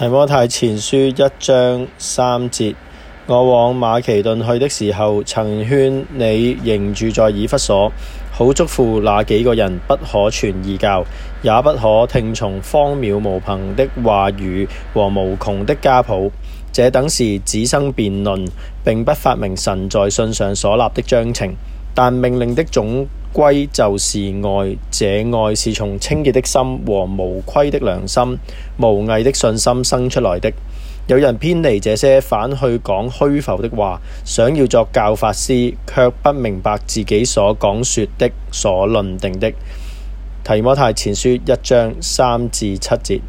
提摩太前書一章三節：我往馬其頓去的時候，曾勸你仍住在以弗所，好囑咐那幾個人，不可傳異教，也不可聽從荒渺無憑的話語和無窮的家譜。這等事只生辯論，並不發明神在信上所立的章程。但命令的總歸就是愛，這愛是從清潔的心和無虧的良心、無偽的信心生出來的。有人偏離這些，反去講虛浮的話，想要作教法師，卻不明白自己所講說的、所論定的。提摩太前書一章三至七節。